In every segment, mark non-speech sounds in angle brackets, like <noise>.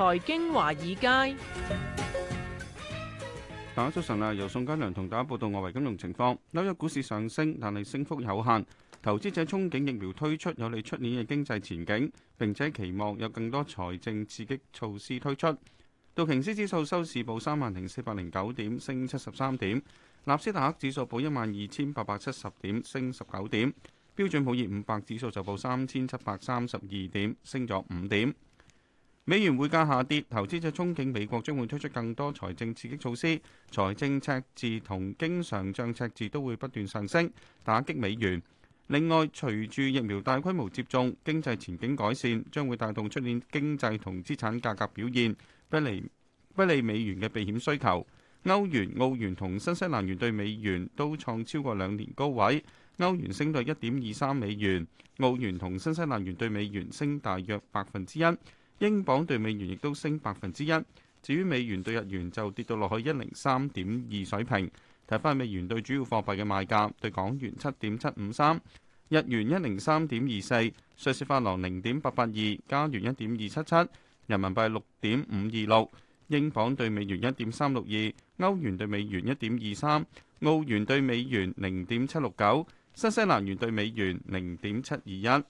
財經華爾街，大家早晨啊！由宋嘉良同大家報道外圍金融情況。紐約股市上升，但係升幅有限。投資者憧憬疫苗推出有利出年嘅經濟前景，並且期望有更多財政刺激措施推出。道瓊斯指數收市報三萬零四百零九點，升七十三點。納斯達克指數報一萬二千八百七十點，升十九點。標準普爾五百指數就報三千七百三十二點，升咗五點。美元匯價下跌，投資者憧憬美國將會推出更多財政刺激措施，財政赤字同經常帳赤字都會不斷上升，打擊美元。另外，隨住疫苗大規模接種，經濟前景改善，將會帶動出現經濟同資產價格表現，不利不利美元嘅避險需求。歐元、澳元同新西蘭元對美元都創超過兩年高位。歐元升到一點二三美元，澳元同新西蘭元對美元升大約百分之一。英鎊兌美元亦都升百分之一，至於美元兌日元就跌到落去一零三點二水平。睇翻美元兌主要貨幣嘅賣價，兌港元七點七五三，日元一零三點二四，瑞士法郎零點八八二，加元一點二七七，人民幣六點五二六，英鎊兌美元一點三六二，歐元兌美元一點二三，澳元兌美元零點七六九，新西蘭元兌美元零點七二一。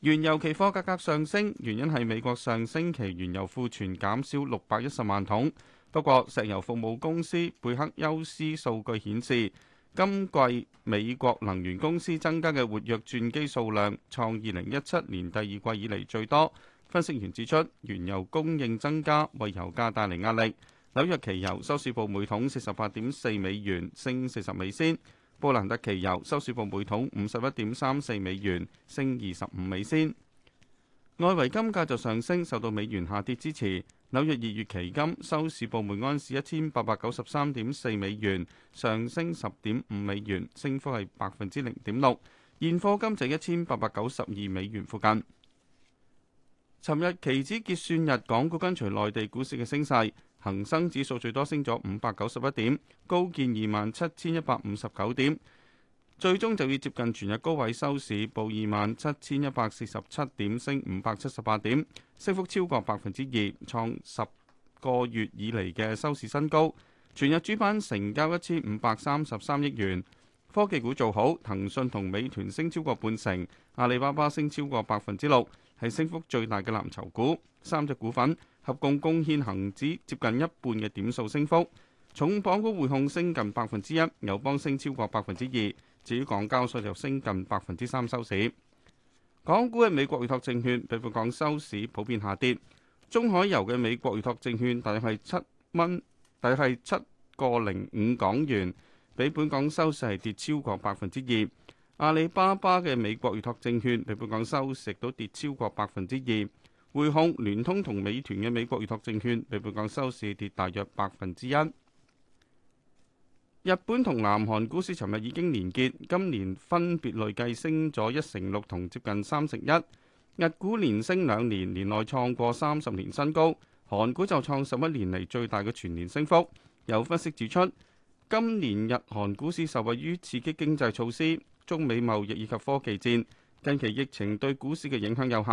原油期貨價格上升，原因係美國上星期原油庫存減少六百一十萬桶。不過，石油服務公司貝克休斯數據顯示，今季美國能源公司增加嘅活躍鑽機數量創二零一七年第二季以嚟最多。分析員指出，原油供應增加為油價帶嚟壓力。紐約期油收市報每桶四十八點四美元，升四十美仙。波蘭特期油收市報每桶五十一點三四美元，升二十五美仙。外圍金價就上升，受到美元下跌支持。紐約二月期金收市報每安士一千八百九十三點四美元，上升十點五美元，升幅係百分之零點六。現貨金在一千八百九十二美元附近。尋日期指結算日，港股跟隨內地股市嘅升勢，恒生指數最多升咗五百九十一點，高見二萬七千一百五十九點，最終就要接近全日高位收市，報二萬七千一百四十七點，升五百七十八點，升幅超過百分之二，創十個月以嚟嘅收市新高。全日主板成交一千五百三十三億元，科技股做好，騰訊同美團升超過半成，阿里巴巴升超過百分之六。係升幅最大嘅藍籌股，三隻股份合共貢獻恒指接近一半嘅點數升幅。重磅股匯控升近百分之一，友邦升超過百分之二。至於港交所就升近百分之三收市。港股嘅美國預託證券比本港收市普遍下跌。中海油嘅美國預託證券大約係七蚊，大約係七個零五港元，比本港收市係跌超過百分之二。阿里巴巴嘅美國預託證券比本港收市都跌超過百分之二，匯控、聯通同美團嘅美國預託證券比本港收市跌大約百分之一。日本同南韓股市尋日已經連結，今年分別累計升咗一成六同接近三成一。日股連升兩年，年內創過三十年新高；韓股就創十一年嚟最大嘅全年升幅。有分析指出，今年日韓股市受惠於刺激經濟措施。中美貿易以及科技戰，近期疫情對股市嘅影響有限，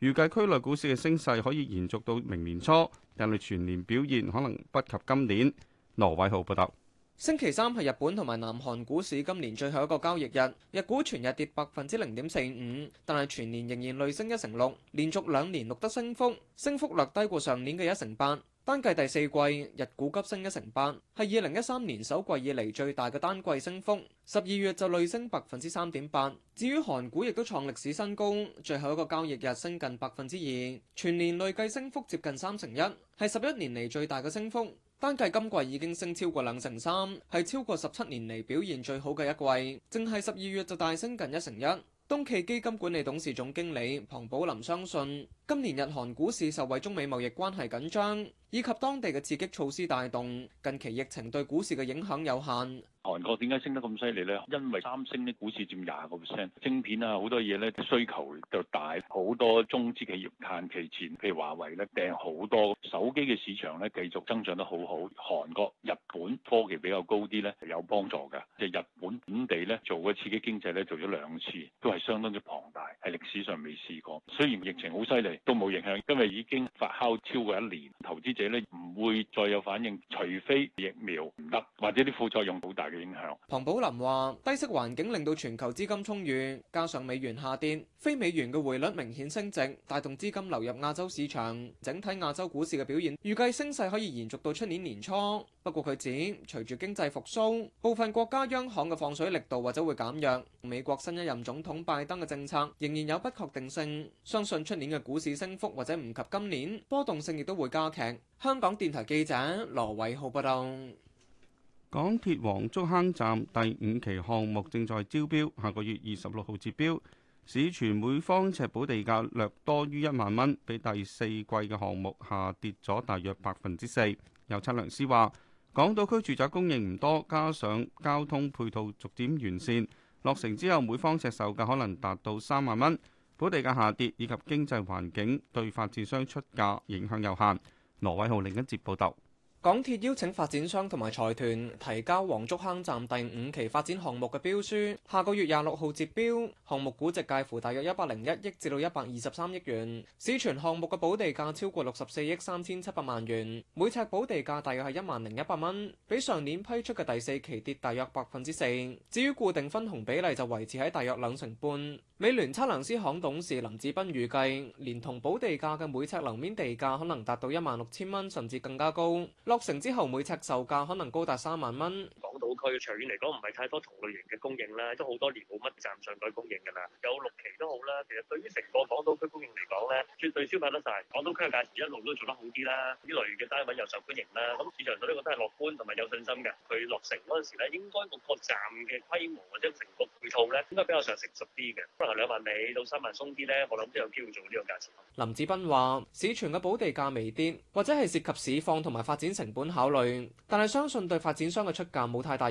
預計區內股市嘅升勢可以延續到明年初，但係全年表現可能不及今年。羅偉浩報道。星期三係日本同埋南韓股市今年最後一個交易日，日股全日跌百分之零點四五，但係全年仍然累升一成六，連續兩年錄得升幅，升幅略低過上年嘅一成八。單計第四季，日股急升一成八，係二零一三年首季以嚟最大嘅單季升幅。十二月就累升百分之三點八。至於韓股亦都創歷史新高，最後一個交易日升近百分之二，全年累計升幅接近三成一，係十一年嚟最大嘅升幅。單計今季已經升超過兩成三，係超過十七年嚟表現最好嘅一季。淨係十二月就大升近一成一。中期基金管理董事總經理龐寶林相信，今年日韓股市受惠中美貿易關係緊張以及當地嘅刺激措施帶動，近期疫情對股市嘅影響有限。韓國點解升得咁犀利咧？因為三星啲股市占廿個 percent，晶片啊，好多嘢咧，需求就大好多。中資企業限期前，譬如華為咧，訂好多手機嘅市場咧，繼續增長得好好。韓國。本科技比較高啲咧，有幫助嘅。即係日本本地咧做過刺激經濟咧，做咗兩次，都係相當之龐大，喺歷史上未試過。雖然疫情好犀利，都冇影響，因為已經發酵超過一年，投資者咧。會再有反應，除非疫苗唔得或者啲副作用好大嘅影響。龐寶林話：低息環境令到全球資金充裕，加上美元下跌，非美元嘅匯率明顯升值，帶動資金流入亞洲市場。整體亞洲股市嘅表現預計升勢可以延續到出年年初。不過佢指，隨住經濟復甦，部分國家央行嘅放水力度或者會減弱。美國新一任總統拜登嘅政策仍然有不確定性，相信出年嘅股市升幅或者唔及今年，波動性亦都會加劇。香港電台記者羅偉浩報道，港鐵黃竹坑站第五期項目正在招標，下個月二十六號截標，市傳每方尺補地價略多於一萬蚊，比第四季嘅項目下跌咗大約百分之四。有測量師話，港島區住宅供應唔多，加上交通配套逐漸完善，落成之後，每方尺售價可能達到三萬蚊。補地價下跌以及經濟環境對發展商出價影響有限。羅偉豪、林恩捷報道：港鐵邀請發展商同埋財團提交黃竹坑站第五期發展項目嘅標書，下個月廿六號截標。項目估值介乎大約一百零一億至到一百二十三億元。市傳項目嘅保地價超過六十四億三千七百萬元，每尺保地價大約係一萬零一百蚊，比上年批出嘅第四期跌大約百分之四。至於固定分紅比例就維持喺大約兩成半。美聯測量師行董事林志斌預計，連同補地價嘅每尺樓面地價可能達到一萬六千蚊，甚至更加高。落成之後每尺售價可能高達三萬蚊。佢長遠嚟講唔係太多同類型嘅供應啦，都好多年冇乜站上台供應㗎啦。有六期都好啦，其實對於成個港島區供應嚟講咧，絕對消化得晒。港島區嘅價錢一路都做得好啲啦，呢類嘅單位又受歡迎啦，咁市場對呢個都係樂觀同埋有信心嘅。佢落成嗰陣時咧，應該個個站嘅規模或者成個配套咧，應該比較上成熟啲嘅，可能兩萬米到三萬鬆啲咧，我諗都有機會做呢個價錢。林志斌話：市場嘅保地價微跌，或者係涉及市況同埋發展成本考慮，但係相信對發展商嘅出價冇太大。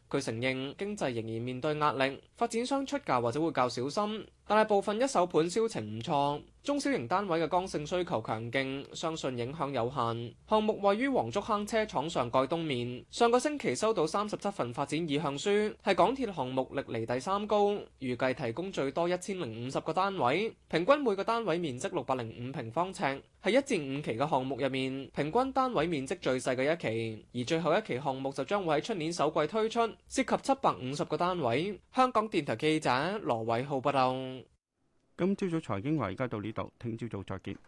<noise> 佢承認經濟仍然面對壓力，發展商出價或者會較小心，但係部分一手盤銷情唔錯，中小型單位嘅剛性需求強勁，相信影響有限。項目位於黃竹坑車廠上蓋東面，上個星期收到三十七份發展意向書，係港鐵項目歷嚟第三高，預計提供最多一千零五十個單位，平均每個單位面積六百零五平方尺，係一至五期嘅項目入面平均單位面積最細嘅一期，而最後一期項目就將會喺出年首季推出。涉及七百五十個單位。香港電台記者羅偉浩報道。今朝早財經華而家到呢度，聽朝早再見。